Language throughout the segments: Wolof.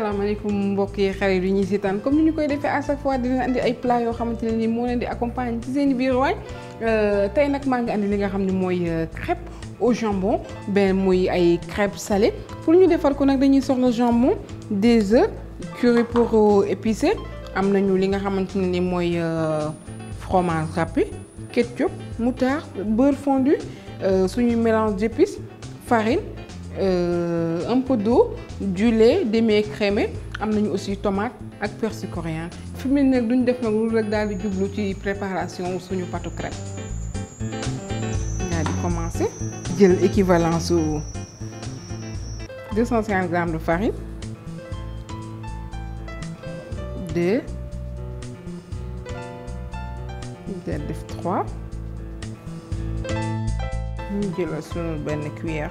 salaamaaleykum mbokk yi xarit yi ñuy seetaan comme ni ñu koy defee à chaque fois dina andi ay plat yoo xamante ne nii moo leen di accompagner ci seen biir wañ euh, tey nag maa ngi andi li nga xam ne mooy euh, crêpe au jambon ben muy ay crêpe salée pour ñu defar ko nag dañuy soxla jambon des œufs curry pour euh, épicé am nañu li nga xamante ne ni mooy fromage râpé ketchup moutarde beurre fondu suñu mélange d'épices farine. Euh, un peu d'eau du lait demi-écrémé am nañu aussi tomate ak persil coréen fi mu ne nag duñ def nag lu rek daal di jublu ci préparation suñu pâte crêpe daal di commencer jël équivalent su 250 grammes de farine De deux, def 3 ñu la suñu benn cuillère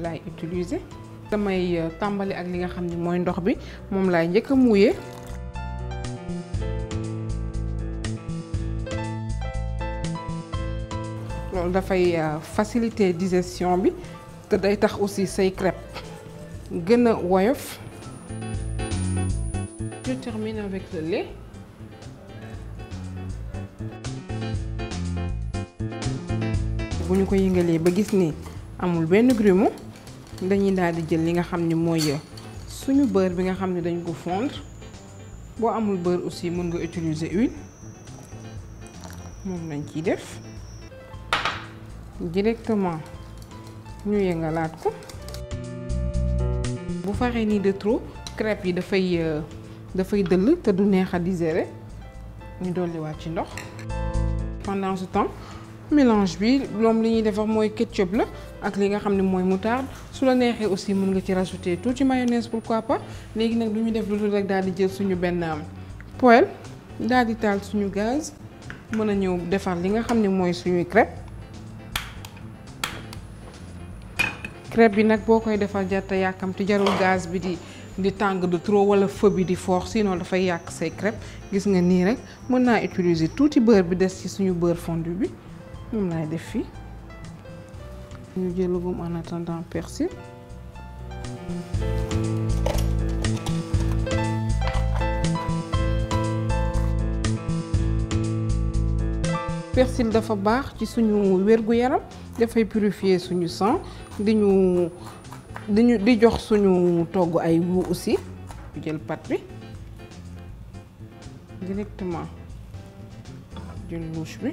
laay utiliser damay euh, tàmbali ak li nga xam ni mooy ndox bi moom laay njëkk a mouillé loolu dafay euh, faciliter digestion bi te day tax aussi say crêpes gën a woyof je termine avec le lait bu ñu ko yëngalee ba gis ni amul benn grumeau dañuy daal di jël li nga xam ni mooy suñu beurre bi nga xam ne dañ ko fondre boo amul beurre aussi mën nga utiliser huile moom lañ ciy def directement ñu yëngalaat ko bu faree nii de trop crêpe yi dafay euh, dafay dëll te du neex a digérer ñu dolliwaat ci ndox pendant ce temps mélange bi loom li ñuy defar moy ketchup la ak li nga xamné moy moutarde su la aussi mën nga ci rajouter ci mayonnaise pourquoi pas légui nak duñu def lu rek daal di jël suñu benn euh, poêle daal di taal suñu gaz mën a ñëw defar li nga xamné moy suñu crêpe crêpe bi nak bokoy koy jatta yakam yàkkamti jarul gaz bi di di tang de trop wala feu bi di fort sinon fay yak say crêpe gis nga ni rek mën naa utiliser touti beurre bi des ci suñu beurre fondu bi on laay def fii ñu jëlagum en attendant persil persil dafa baax ci suñu wérgu yaram dafay purifier suñu sang di ñu di ñu di jox suñu togg ay wu aussi ñu jël pâte directement jël louche bi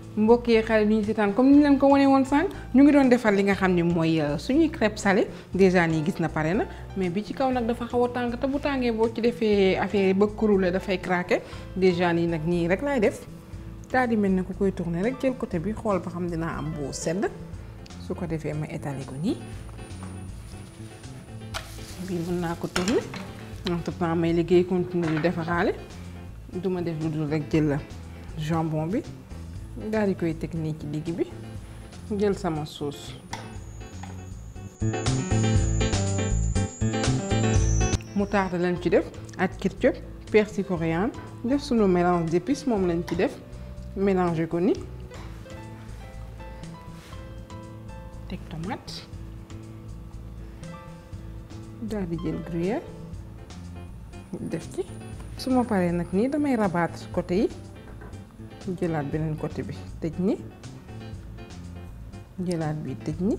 mbokk yi xale ni ñu seetaan comme ni leen ko wanee woon sànq ñu ngi doon defar li nga xam ne mooy euh, suñuy crêpe salée déjà nii gis na pare na mais bi ci kaw nag dafa xaw a tàng te bu tàngee boo ci defee affaire yi ba kurule dafay craquer déjà nii nag nii rek laay def daal di mel ne ku koy tourner rek jël côté bi xool ba xam dinaa am bu sedd su ko defee ma étaler ko nii bii mën naa ko tourner entre temps may liggéey continuer di defaraale du ma def lu dul rek jël jambon bi. daal technique technique de nii sauce. moutarde de ci def ak ketchup persil coréen def sunu mélange d'épices moom de ci def mélange ko ni tomate daal gruyère def ci su mélange les de mélange rabattre côté jëlaat beneen côté bi tëj ni jëlaat bi tëj ni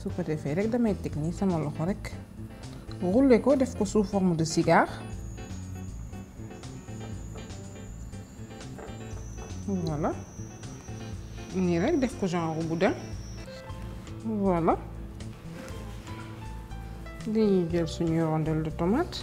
su ko defee rek damay teg ni sama loxo rek rouler ko def ko sous forme de cigare voilà nii rek def ko genre boudin voilà dañuy jël suñu rondel de tomate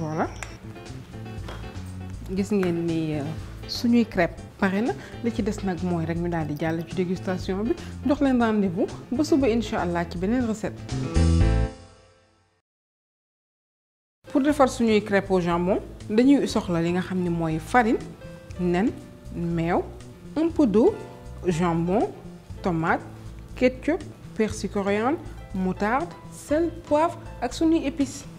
voilà gis ngeen ni euh, suñuy crêpe pare li ci des nag mooy rek ñu daal di jàll ci dégustation bi jox leen rendez-vous ba suba incha allah ci beneen recette. pour defar suñuy crêpe au jambon dañuy soxla li nga xam ne farine nen meew un peu d'eau jambon tomate ketchup persil coriandre moutarde sel poivre ak suñuy épices.